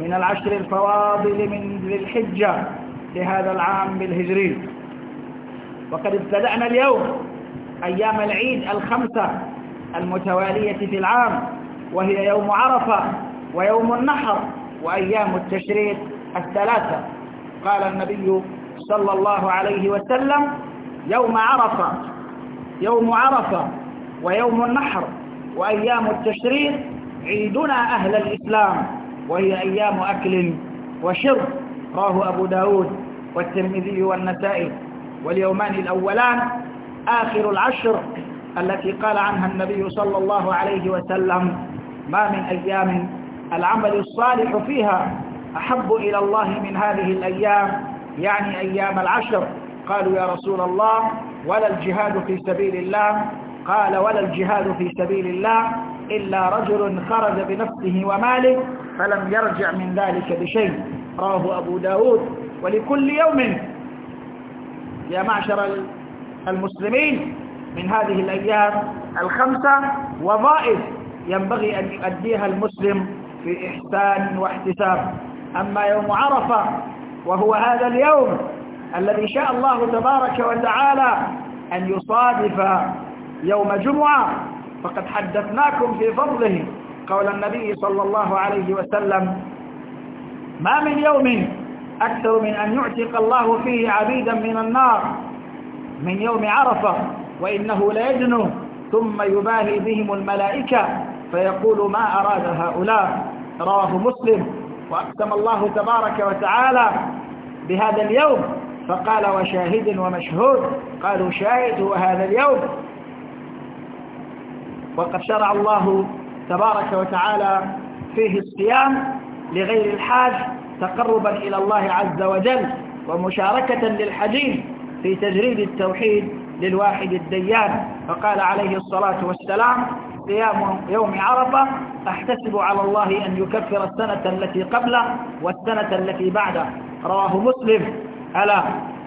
من العشر الفواضل من ذي الحجة لهذا العام الهجري وقد ابتدأنا اليوم أيام العيد الخمسة المتوالية في العام وهي يوم عرفة ويوم النحر وأيام التشريق الثلاثة قال النبي صلى الله عليه وسلم يوم عرفة يوم عرفة ويوم النحر وأيام التشريق عيدنا أهل الإسلام وهي أيام أكل وشرب راه أبو داود والترمذي والنسائي واليومان الأولان آخر العشر التي قال عنها النبي صلى الله عليه وسلم ما من أيام العمل الصالح فيها أحب إلى الله من هذه الأيام يعني أيام العشر قالوا يا رسول الله ولا الجهاد في سبيل الله قال ولا الجهاد في سبيل الله إلا رجل خرج بنفسه وماله فلم يرجع من ذلك بشيء رواه أبو داود ولكل يوم يا معشر المسلمين من هذه الأيام الخمسة وظائف ينبغي أن يؤديها المسلم في إحسان واحتساب أما يوم عرفة وهو هذا اليوم الذي شاء الله تبارك وتعالى أن يصادف يوم جمعة فقد حدثناكم في فضله قول النبي صلى الله عليه وسلم ما من يوم أكثر من أن يعتق الله فيه عبيدا من النار من يوم عرفة وإنه ليجنو ثم يباهي بهم الملائكة فيقول ما أراد هؤلاء رواه مسلم وأقسم الله تبارك وتعالى بهذا اليوم فقال وشاهد ومشهود قالوا شاهد وهذا اليوم وقد شرع الله تبارك وتعالى فيه الصيام لغير الحاج تقربا إلى الله عز وجل ومشاركة للحديث في تجريد التوحيد للواحد الديان فقال عليه الصلاة والسلام صيام يوم عرفة أحتسب على الله أن يكفر السنة التي قبله والسنة التي بعده رواه مسلم ألا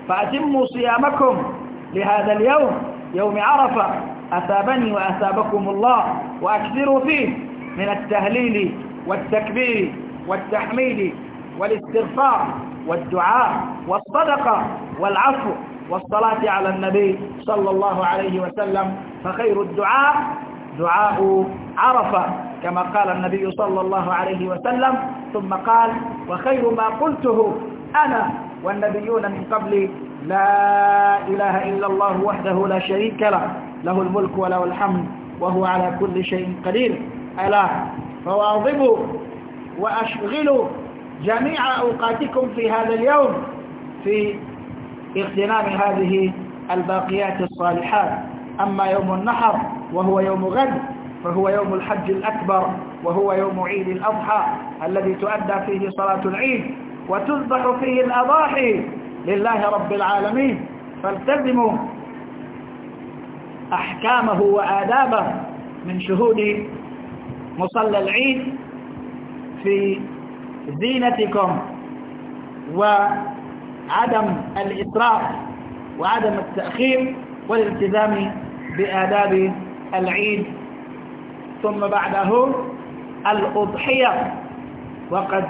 فأتموا صيامكم لهذا اليوم يوم عرفة أثابني وأثابكم الله وأكثروا فيه من التهليل والتكبير والتحميد والاستغفار والدعاء والصدقة والعفو والصلاة على النبي صلى الله عليه وسلم فخير الدعاء دعاء عرفة كما قال النبي صلى الله عليه وسلم ثم قال وخير ما قلته أنا والنبيون من قبل لا إله إلا الله وحده لا شريك له له الملك وله الحمد وهو على كل شيء قدير ألا فواظبوا وأشغلوا جميع أوقاتكم في هذا اليوم في اغتنام هذه الباقيات الصالحات أما يوم النحر وهو يوم غد فهو يوم الحج الأكبر وهو يوم عيد الأضحى الذي تؤدى فيه صلاة العيد وتذبح فيه الأضاحي لله رب العالمين فالتزموا أحكامه وآدابه من شهود مصلى العيد في زينتكم وعدم الإسراف وعدم التأخير والالتزام بآداب العيد ثم بعده الأضحية وقد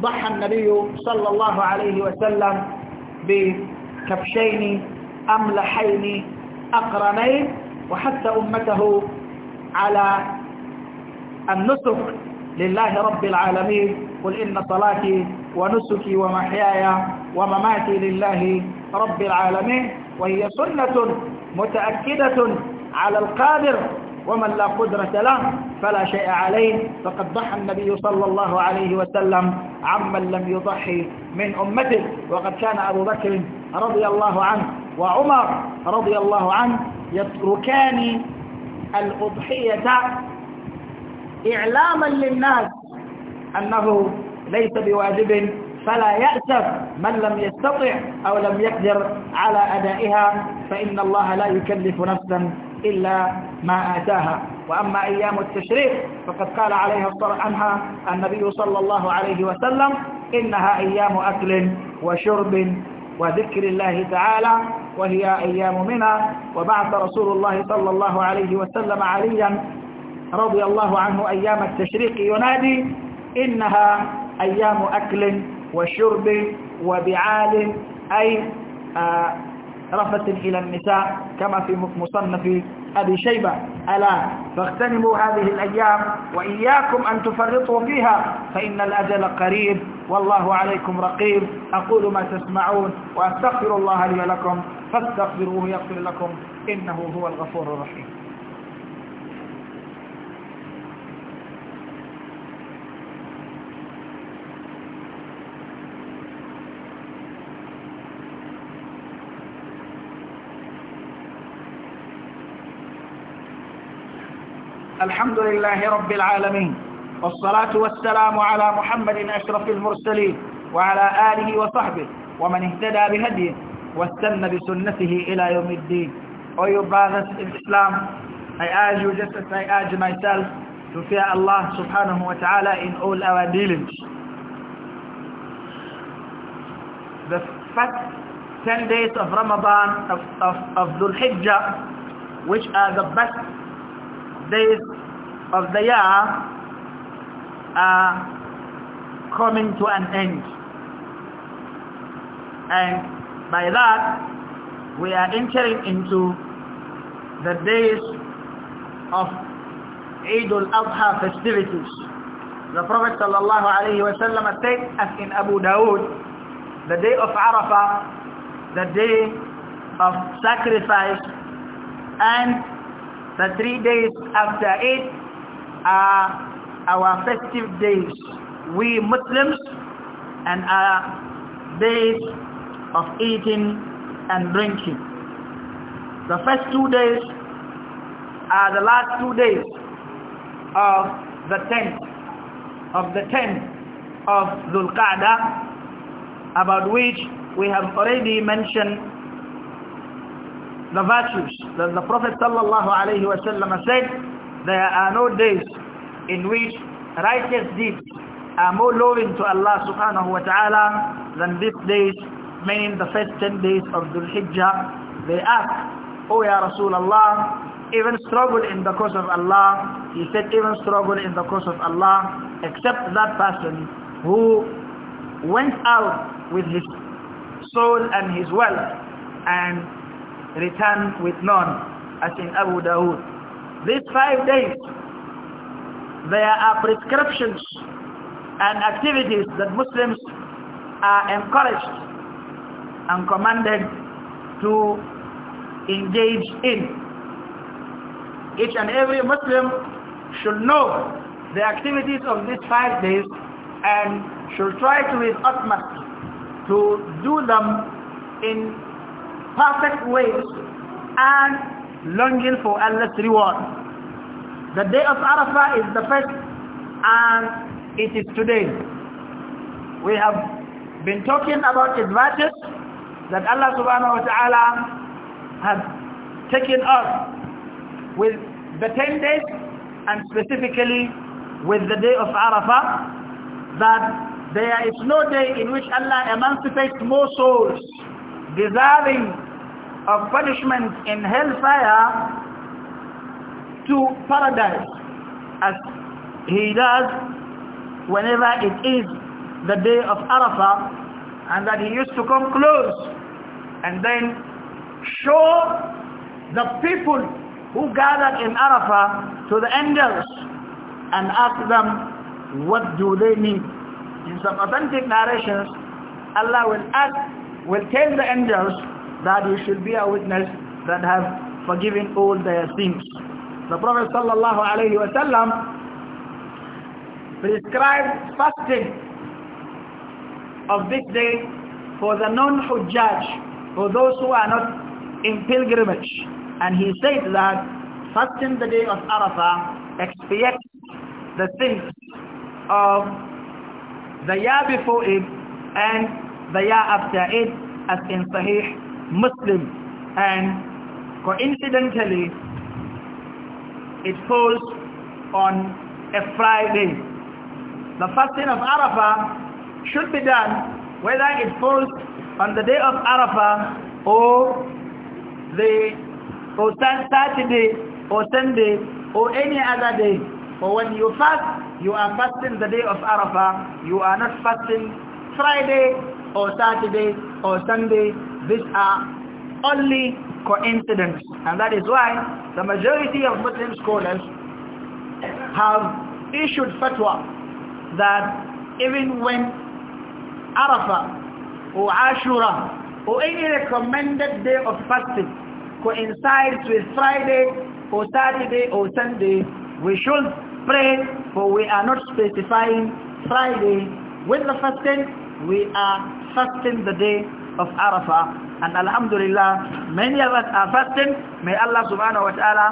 ضحى النبي صلى الله عليه وسلم بكبشين أملحين أقرنين وحث أمته على النسك لله رب العالمين قل إن صلاتي ونسكي ومحياي ومماتي لله رب العالمين وهي سنة متأكدة على القادر ومن لا قدرة له فلا شيء عليه فقد ضحى النبي صلى الله عليه وسلم عمن لم يضحي من أمته وقد كان أبو بكر رضي الله عنه وعمر رضي الله عنه يتركان الأضحية إعلاما للناس أنه ليس بواجب فلا يأسف من لم يستطع أو لم يقدر على أدائها فإن الله لا يكلف نفسا إلا ما آتاها وأما أيام التشريق فقد قال عليها عنها النبي صلى الله عليه وسلم إنها أيام أكل وشرب وذكر الله تعالى وهي أيام منى وبعث رسول الله صلى الله عليه وسلم عليا رضي الله عنه أيام التشريق ينادي إنها أيام أكل وشرب وبعال أي آه رفة إلى النساء كما في مصنف أبي شيبة ألا فاغتنموا هذه الأيام وإياكم أن تفرطوا فيها فإن الأجل قريب والله عليكم رقيب أقول ما تسمعون وأستغفر الله لي لكم فاستغفروه يغفر لكم إنه هو الغفور الرحيم الحمد لله رب العالمين والصلاة والسلام على محمد أشرف المرسلين وعلى آله وصحبه ومن اهتدى بهديه واستنى بسنته إلى يوم الدين Oh you brothers in Islam I urge you just as I urge myself to fear Allah subhanahu wa ta'ala in all our dealings The first 10 days of Ramadan of, of, of Dhul Hijjah which are the best days of the year are coming to an end. And by that, we are entering into the days of Eid al-Adha festivities. The Prophet sallallahu alayhi wa sallam as in Abu Dawood, the day of Arafah, the day of sacrifice, and the three days after it are our festive days, we Muslims, and our days of eating and drinking. The first two days are the last two days of the tenth of the tenth of Dhul Qa'dah about which we have already mentioned the virtues that the Prophet sallallahu alaihi wasallam said there are no days in which righteous deeds are more loving to Allah subhanahu wa ta'ala than these days, meaning the first 10 days of Dhul Hijjah. They ask, O oh, Ya Rasulullah, even struggle in the cause of Allah. He said, even struggle in the cause of Allah, except that person who went out with his soul and his wealth and returned with none, as in Abu Dawood. These five days there are prescriptions and activities that Muslims are encouraged and commanded to engage in. Each and every Muslim should know the activities of these five days and should try to his utmost to do them in perfect ways and longing for Allah's reward. The day of Arafah is the first and it is today. We have been talking about advantages that Allah subhanahu wa ta'ala has taken us with the 10 days and specifically with the day of Arafah that there is no day in which Allah emancipates more souls deserving of punishment in hellfire to paradise as he does whenever it is the day of Arafah and that he used to come close and then show the people who gathered in Arafah to the angels and ask them what do they need in some authentic narrations Allah will ask will tell the angels that you should be a witness that have forgiven all their sins the Prophet sallallahu alaihi wasallam prescribed fasting of this day for the non-hujjaj, for those who are not in pilgrimage. And he said that fasting the day of Arafah expiates the sins of the year before it and the year after it as in Sahih Muslim. And coincidentally, it falls on a Friday. The fasting of Arafah should be done whether it falls on the day of Arafah or the or Saturday or Sunday or any other day. For when you fast, you are fasting the day of Arafah. You are not fasting Friday or Saturday or Sunday. These are only coincidence. And that is why the majority of Muslim scholars have issued fatwa that even when Arafah or Ashura or any recommended day of fasting coincides with Friday or Saturday or Sunday, we should pray for we are not specifying Friday with the fasting, we are fasting the day of Arafah. And Alhamdulillah, many of us are fasting. May Allah subhanahu wa ta'ala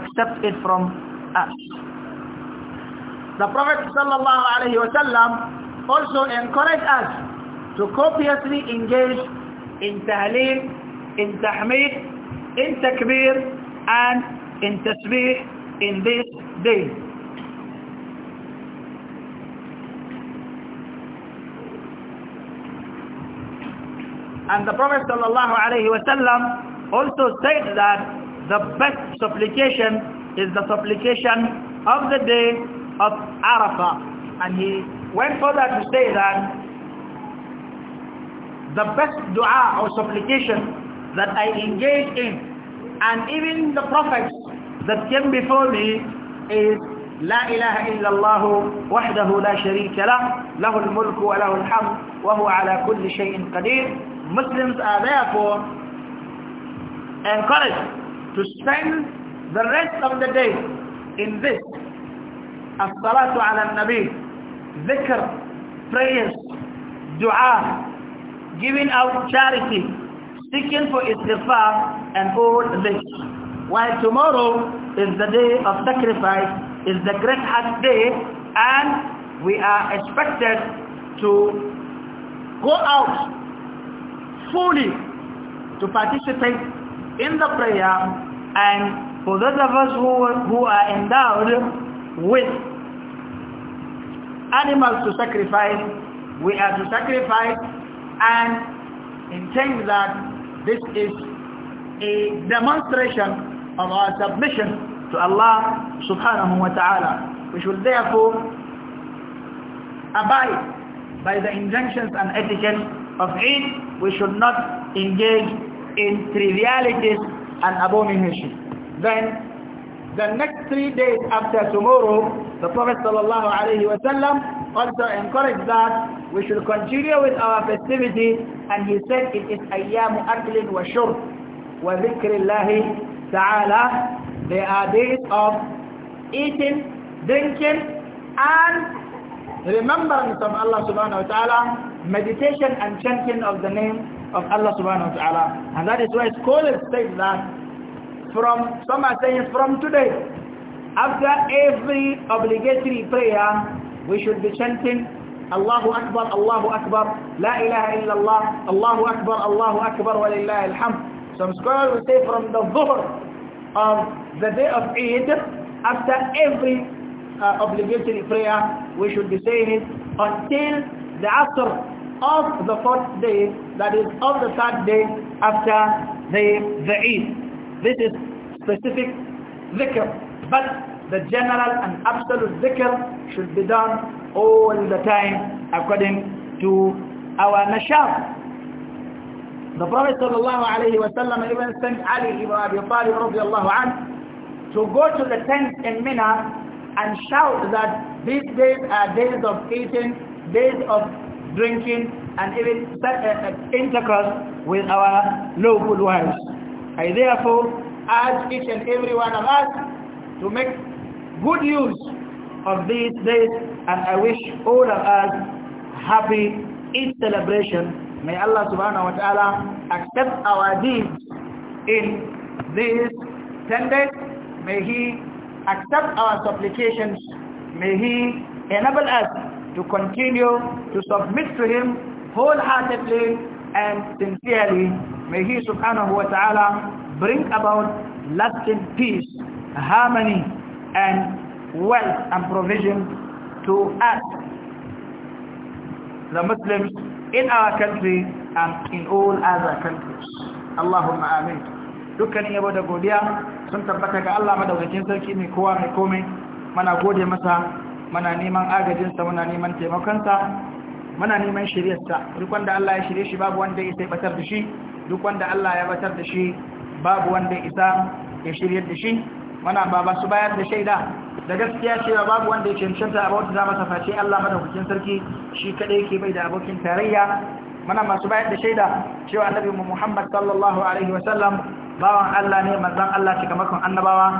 accept it from us. The Prophet sallallahu alayhi wa sallam also encouraged us to copiously engage in tahleel, in tahmeed, in takbir, and in tasbih in this day. And the Prophet ﷺ also said that the best supplication is the supplication of the day of Arafah. And he went further to say that the best dua or supplication that I engage in and even the prophets that came before me is لا إله إلا الله وحده لا شريك له له الملك وله الحمد وهو على كل شيء قدير Muslims are therefore encouraged to spend the rest of the day in this as-salatu ala nabi dhikr prayers dua giving out charity seeking for istighfar and all this while tomorrow is the day of sacrifice is the great hajj day and we are expected to go out fully to participate in the prayer and for those of us who, who are endowed with animals to sacrifice, we are to sacrifice and intend that this is a demonstration of our submission to Allah subhanahu wa ta'ala. We should therefore abide by the injunctions and etiquette of eating, we should not engage in trivialities and abomination. Then, the next three days after tomorrow, the Prophet ﷺ also encouraged that we should continue with our festivity and he said it is ayyamu aklin wa shurb wa dhikrillahi ta'ala they are days of eating, drinking and remembrance of Allah subhanahu wa ta'ala meditation and chanting of the name of Allah subhanahu wa ta'ala. And that is why scholars say that from, some are saying from today, after every obligatory prayer, we should be chanting Allahu Akbar, Allahu Akbar, La ilaha illallah, Allahu Akbar, Allahu Akbar, wa lillahi alhamd. Some scholars will say from the dhuhr of the day of Eid, after every uh, obligatory prayer, we should be saying it until the Asr of the fourth day, that is of the third day after the, the Eid. This is specific dhikr. But the general and absolute dhikr should be done all the time according to our nashab. The Prophet ﷺ even sent Ali ibn Abi Talib anhu, to go to the tent in Mina and shout that these days are days of eating, days of drinking, and even uh, uh, intercourse with our lawful wives. I therefore urge each and every one of us to make good use of these days and I wish all of us happy Eid celebration. May Allah subhanahu wa ta'ala accept our deeds in these 10 days. May He accept our supplications. May He enable us to continue to submit to him wholeheartedly and sincerely. May he subhanahu wa ta'ala bring about lasting peace, harmony and wealth and provision to us, the Muslims in our country and in all other countries. Allahumma amin. Dukkanin yabo da godiya sun tabbata ga Allah madaukakin sarki mai kowa mai komai mana gode masa muna neman agajinsa muna neman taimakonsa muna neman shiryarsa duk wanda Allah ya shirye shi babu wanda ya sai batar da shi duk wanda Allah ya batar da shi babu wanda isa ya shirye da shi muna ba ba su bayar da shaida da gaskiya cewa babu wanda ya cancanta a bauta zama face Allah madaukakin sarki shi kadai ke bai da abokin tarayya muna masu bayar da shaida cewa annabi Muhammad sallallahu alaihi wa sallam bawan Allah ne manzon Allah cikamakon annabawa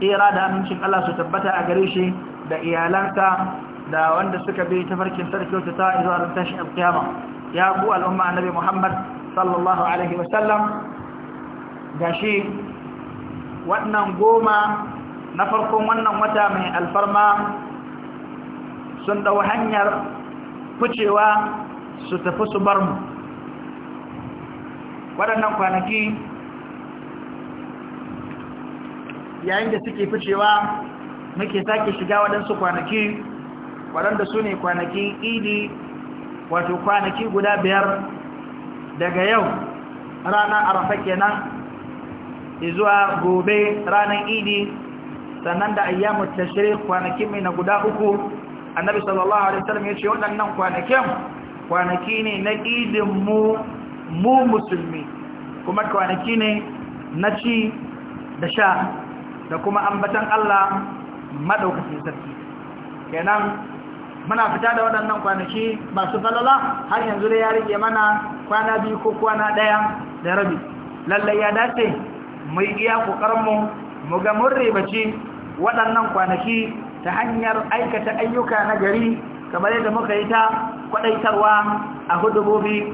ira da amincin Allah su tabbata a gare shi da iyalansa da wanda suka bi tafarkin sarki ta zuwa da tashi alkiyama ya ku al'umma annabi Muhammad sallallahu alaihi wasallam gashi wannan goma na farkon wannan wata mai alfarma sun ɗau hanyar ficewa su tafi su bar mu waɗannan kwanaki yayin da suke ficewa muke sake shiga waɗansu kwanaki waɗanda su ne kwanakin idi wato kwanaki guda biyar daga yau ranar arafa kenan zuwa gobe ranar idi sannan da ayyamun tashiri kwanaki mai na guda uku annabi sallallahu alaihi wasallam ya ce waɗannan kwanakin kwanaki ne na idin mu mu musulmi kuma kwanaki ne na ci da sha da kuma ambatan Allah maɗaukacin sarki kenan muna fita da waɗannan kwanaki masu falala har yanzu da ya rage mana kwana biyu ko kwana ɗaya da rabi lallai ya dace mu yi iya ƙoƙarinmu mu ga mun ribaci waɗannan kwanaki ta hanyar aikata ayyuka na gari kamar yadda muka yi ta kwaɗaitarwa a hudubobi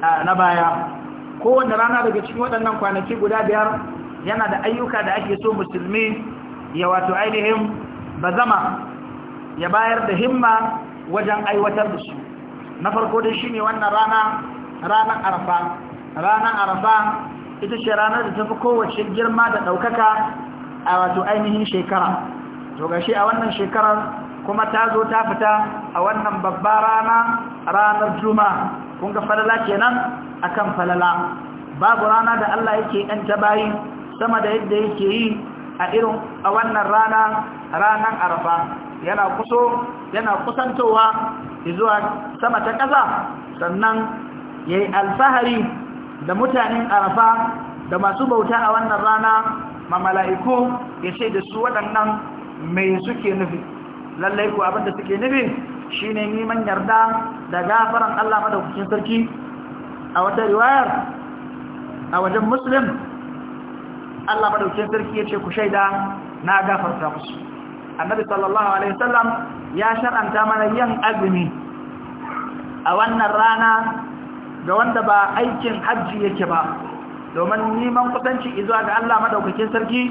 na baya kowane rana daga cikin waɗannan kwanaki guda biyar yana da ayyuka da ake so musulmi ya wato ainihin bazama ya bayar da himma wajen aiwatar da su na farko dai shine wannan rana ranar arafa ranar ita ce ranar da tafi kowace girma da ɗaukaka a wato ainihin shekara to gashi a wannan shekarar kuma ta zo ta fita a wannan babba rana ranar juma kun ga falala kenan akan falala babu rana da Allah yake yanta bayi sama da yadda yake yi a irin a wannan rana ranar arafa yana kuso yana kusantowa zuwa sama ta ƙasa sannan ya yi alfahari da mutanen arafa da masu bauta a wannan rana ma mala'iku ya ce da su waɗannan mai suke nufi lallai ku abinda suke nufi shi ne neman yarda da gafaran Allah madaukacin sarki a wata riwayar a wajen muslim Allah madaukakin sarki yace ku shaida na gafarta musu annabi sallallahu alaihi wasallam ya shar'anta mana yin azumi a wannan rana ga wanda ba aikin hajji yake ba domin neman kusanci izuwa ga Allah madaukakin sarki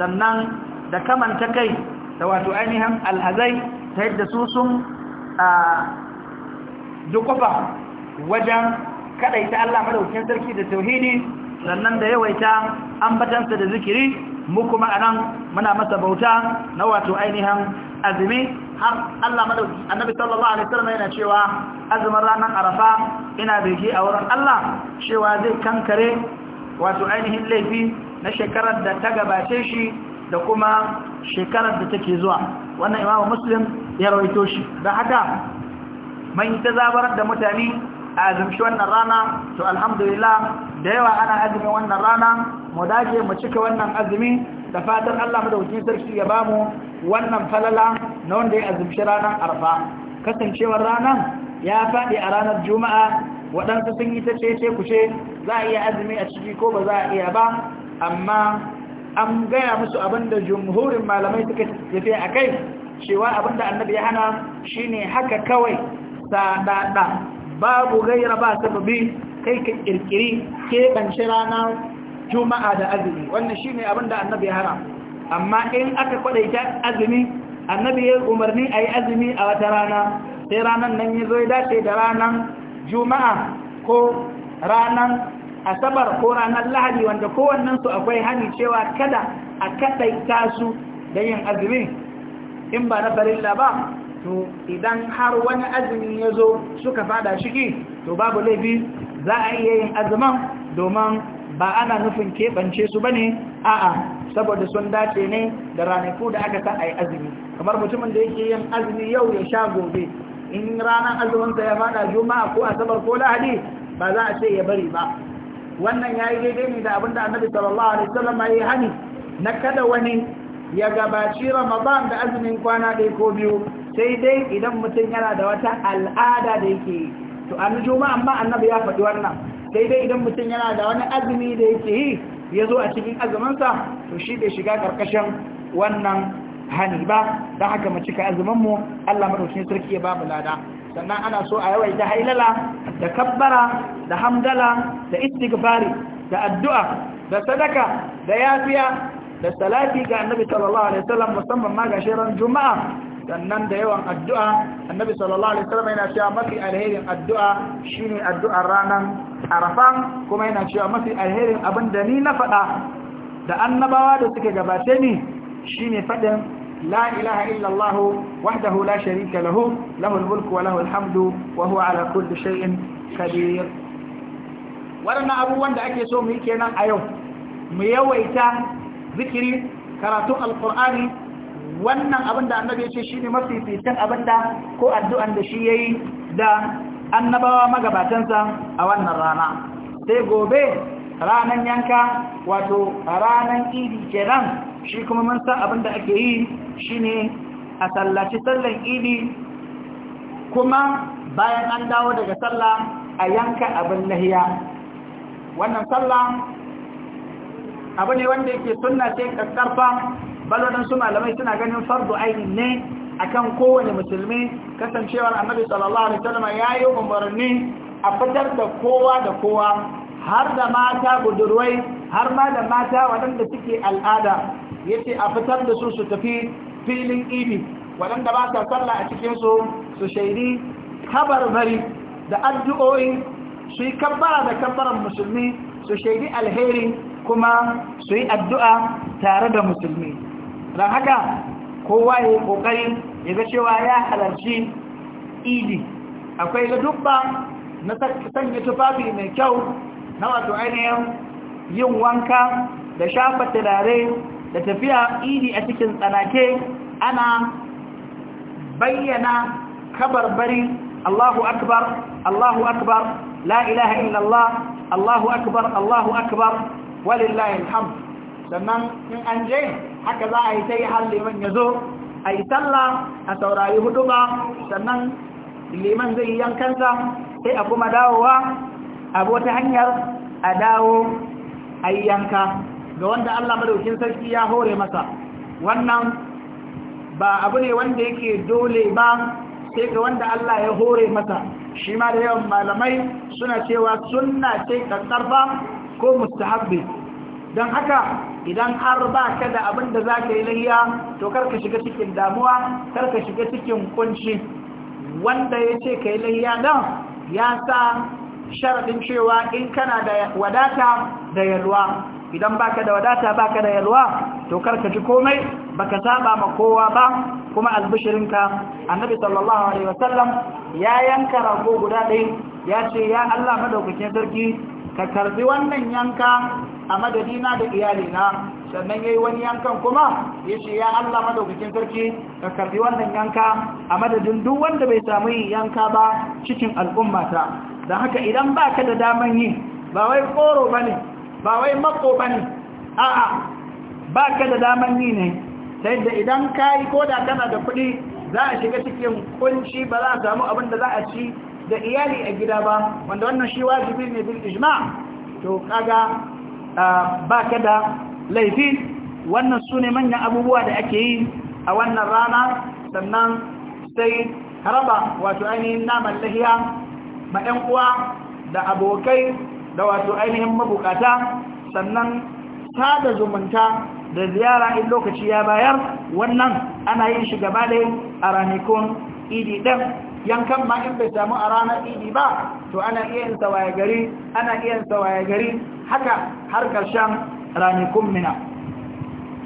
sannan da kamanta kai da wato ainihin alhazai ta yadda su sun dukufa wajen kadaita Allah madaukakin sarki da tauhidi sannan da yawaita ambatansa da zikiri mu kuma anan muna masa bauta na wato ainihin azumi har Allah madauki annabi sallallahu alaihi wasallam yana cewa azumin ranar arafa ina biki a wurin Allah cewa zai kankare wato ainihin laifi na shekarar da ta gabace shi da kuma shekarar da take zuwa wannan imamu muslim ya rawaito shi da haka yi ta zabarar da mutane a azumshi wannan rana to alhamdulillah da yawa ana azumin wannan rana mu dace mu cika wannan azumi da fatan Allah madaukakin sarki ya bamu wannan falala na wanda ya azumci ranar arfa kasancewar ranar ya faɗi a ranar juma'a waɗansu sun yi ta cece kushe za a iya azumi a ciki ko ba za a iya ba amma an gaya musu abinda jumhurin malamai suka tafi a kai cewa abinda annabi ya hana shine haka kawai saɗaɗa babu gaira ba sababi kai ka kirkiri ke kanci ranar juma'a da azumi wannan shine abin da annabi ya haram amma in aka kwadaita azumi annabi ya umarni a yi azumi a wata rana sai ranar nan ya zo ya dace da ranar juma'a ko ranar asabar ko ranar lahadi wanda su akwai hani cewa kada a kadaita su da yin azumi in ba na farilla ba to idan har wani azumi ya zo suka fada shiki to babu laifi za a iya yin azumin? domin ba ana nufin keɓance su ba ne a'a saboda sun dace ne da ranaku da aka sa a yi azumi kamar mutumin da yake yin azumi yau ya sha gobe in ranar azuminsa ya fada juma'a ko asabar ko lahadi ba za a ce ya bari ba wannan ya yi daidai ne da abinda annabi sallallahu alaihi wasallam ya hani na kada wani ya gabaci ramadan da azumin kwana ɗaya ko biyu sai dai idan mutum yana da wata al'ada da yake yi to an juma'a amma annabi ya faɗi wannan sai dai idan mutum yana da wani azumi da yake yi ya zo a cikin azuminsa to shi bai shiga ƙarƙashin wannan hani ba da haka mu cika azuminmu Allah maɗaukin sarki ya babu lada sannan ana so a yawaita hailala da kabbara da hamdala da istighfari da addu'a da sadaka da yafiya da salati ga annabi sallallahu alaihi wasallam musamman ma ga shirin juma'a sannan da yawan addu'a annabi sallallahu alaihi wasallam yana cewa mafi alherin addu'a shine addu'ar ranar arafa kuma yana cewa mafi alherin abin da ni na faɗa da annabawa da suke gabace ni shine faɗin la ilaha illallah wahdahu la sharika lahu lahul mulku wa lahul hamdu wa huwa ala kulli shay'in qadir abubuwan da ake so mu yi kenan a yau mu yawaita zikiri karatun alqur'ani wannan abin da annabi ya ce shi ne fitan abin da ko addu'an da shi ya yi da annabawa magabatansa a wannan rana sai gobe ranan yanka wato ranan idi kenan shi kuma mun san abin da ake yi shi ne a sallaci sallan idi kuma bayan an dawo daga sallah a yanka abin lahiya wannan sallah abu ne wanda yake sunna sai ƙasƙarfa bal su malamai suna ganin fardu aini ne kan kowane musulmi kasancewar annabi sallallahu alaihi wasallam ya yi umarni a fitar da kowa da kowa har da mata budurwai har ma da mata waɗanda suke al'ada yace a fitar da su su tafi filin ibi waɗanda ba sa sallah a cikin su su shaidi kabarbari da addu'o'i su yi kabbara da kabbaran musulmi su shaidi alheri kuma su yi addu'a tare da musulmi don haka kowa ya yi ƙoƙari ya ga cewa ya halarci idi akwai ga dubba na sanya tufafi mai kyau na wato ainihin yin wanka da shafa turare da tafiya idi a cikin tsanake ana bayyana kabarbari Allahu akbar Allahu akbar la ilaha illallah Allahu akbar Allahu akbar walillahi alhamd sannan in an je haka za a yi ta yi har liman ya zo a yi sallah a saurari hudu ba sannan liman zai yi yankansa sai a kuma dawowa a wata hanyar a dawo a yi yanka ga wanda Allah madaukin sarki ya hore masa wannan ba abu ne wanda yake dole ba sai ga wanda Allah ya hore masa shi ma da yawan malamai suna cewa sunna ce karkar ba ko mustahabbi don haka idan har ba ka da abin da za ka yi layya to karka shiga cikin damuwa karka shiga cikin kunci wanda ya ce ka yi layya don ya sa sharaɗin cewa in kana da wadata da yalwa idan baka da wadata baka da yalwa to karka ji komai baka saba ma kowa ba kuma albishirinka annabi sallallahu alaihi wasallam ya yanka rago guda ɗaya ya ce ya Allah madaukakin sarki ka karbi wannan yanka a madadina da iyalina sannan yayi wani yankan kuma ce ya Allah madaukakin sarki ka karbi wannan yanka a madadin duk wanda bai samu yanka ba cikin al'ummata dan haka idan baka da daman yi ba wai koro bane ba wai mako bane a'a baka da daman yi ne sai da idan kai ko da kana da kuɗi za a shiga cikin kunci ba za a samu abin da za a ci da iyali a gida ba wanda wannan shi wajibi ne bil ijma to kaga baka da laifi wannan su ne manyan abubuwa da ake yi a wannan rana sannan sai haraba wato ainihin naman lahiya ma 'yan uwa da abokai da wato ainihin mabukata sannan da zumunta da ziyara in lokaci ya bayar wannan ana yin shi gaba da a ranakun idi ɗin yankan ma in bai samu a ranar idi ba to ana iya yin sawaye gari ana gari haka har karshen ranikun mina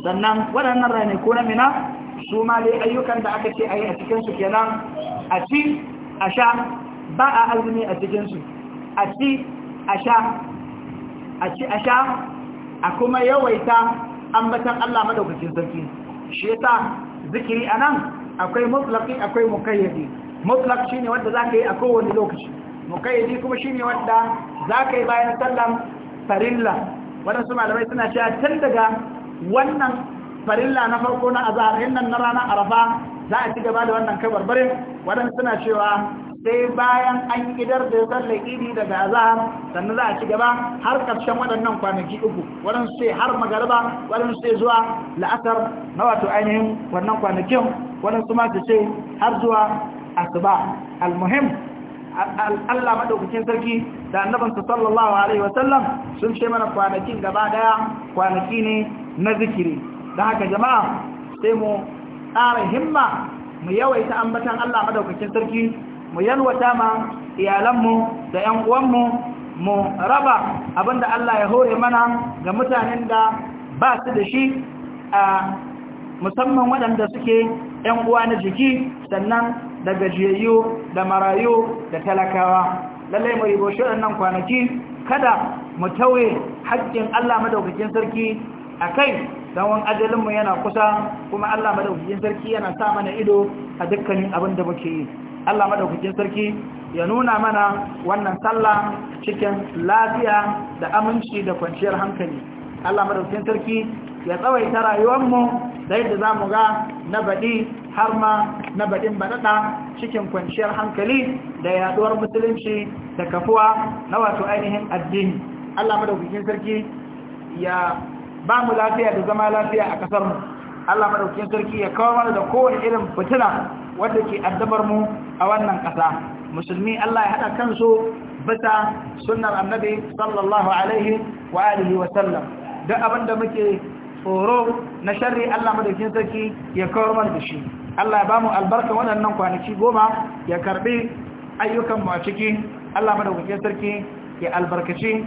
sannan waɗannan raniku na mina su ma dai ayyukan da aka ce a yi a cikinsu kenan a ci a sha ba a azumi a cikinsu a ci a sha a ci a sha a kuma yawaita ambatan Allah madaukakin sarki shi yasa zikiri anan akwai mutlaki akwai mukayyadi mutlak shine wanda zaka yi a kowane lokaci mukayyadi kuma shine wanda zaka yi bayan sallan farilla wadansu malamai suna cewa tun daga wannan farilla na farko na azhar nan na ranar arafa za a ci gaba da wannan kabarbarin wannan suna cewa sai bayan an idar da sallar idi daga azahar sannan za a ci gaba har ƙarshen waɗannan kwanaki uku waɗansu sai har magarba waɗansu sai zuwa la'asar na wato ainihin wannan kwanakin waɗansu ma su ce har zuwa asuba almuhim Allah madaukakin sarki da annabinsa sallallahu alaihi wasallam sun ce mana kwanakin gaba ɗaya kwanaki ne na zikiri da haka jama'a sai mu ƙara himma mu yawaita ambatan Allah madaukakin sarki mu yalwata ma iyalanmu da ‘yan uwanmu mu raba abin da Allah ya hore mana ga mutanen da ba su da shi a musamman waɗanda suke ‘yan uwa na jiki sannan da gajiyayyu da marayu da talakawa lallai mu ribo waɗannan kwanaki kada mu tauye haƙƙin Allah madaukakin sarki a kai don wani ajalinmu yana kusa kuma Allah madaukakin sarki yana sa mana ido a dukkanin abin da muke yi Allah madaukakin sarki ya nuna mana wannan sallah cikin lafiya da aminci da kwanciyar hankali Allah madaukakin sarki ya tsawaita rayuwarmu da yadda zamu ga na baɗi har ma na baɗin baɗaɗa cikin kwanciyar hankali da yaɗuwar musulunci da kafuwa na wato ainihin addini Allah madaukakin sarki ya ba mu lafiya da zama lafiya a ƙasarmu Allah madaukakin sarki ya kawo mana da kowane irin fitina wanda ke addabar mu a wannan ƙasa musulmi Allah ya hada kansu bisa sunnar annabi sallallahu alaihi wa alihi wa sallam duk abinda muke tsoro na sharri Allah madaukakin sarki ya kawo mana da shi Allah ya bamu albarka waɗannan kwanaki goma ya karbi ayyukan mu a ciki Allah madaukakin sarki ya albarkaci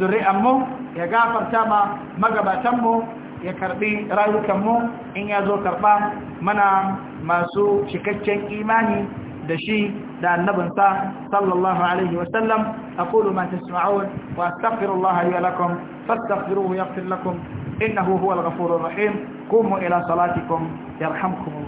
zuri'an mu ya gafarta ma magabatan mu ya karbi rayukanmu in ya zo karba mana masu cikakken imani da shi da annabinsa sallallahu alaihi wasallam aqulu ma tasma'un wa astaghfirullaha li wa lakum fastaghfiruhu yaghfir lakum innahu huwal ghafurur rahim qumu ila salatikum yarhamkum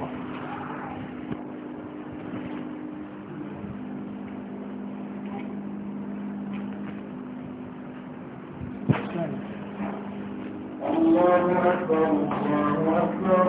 أكبر الله أكبر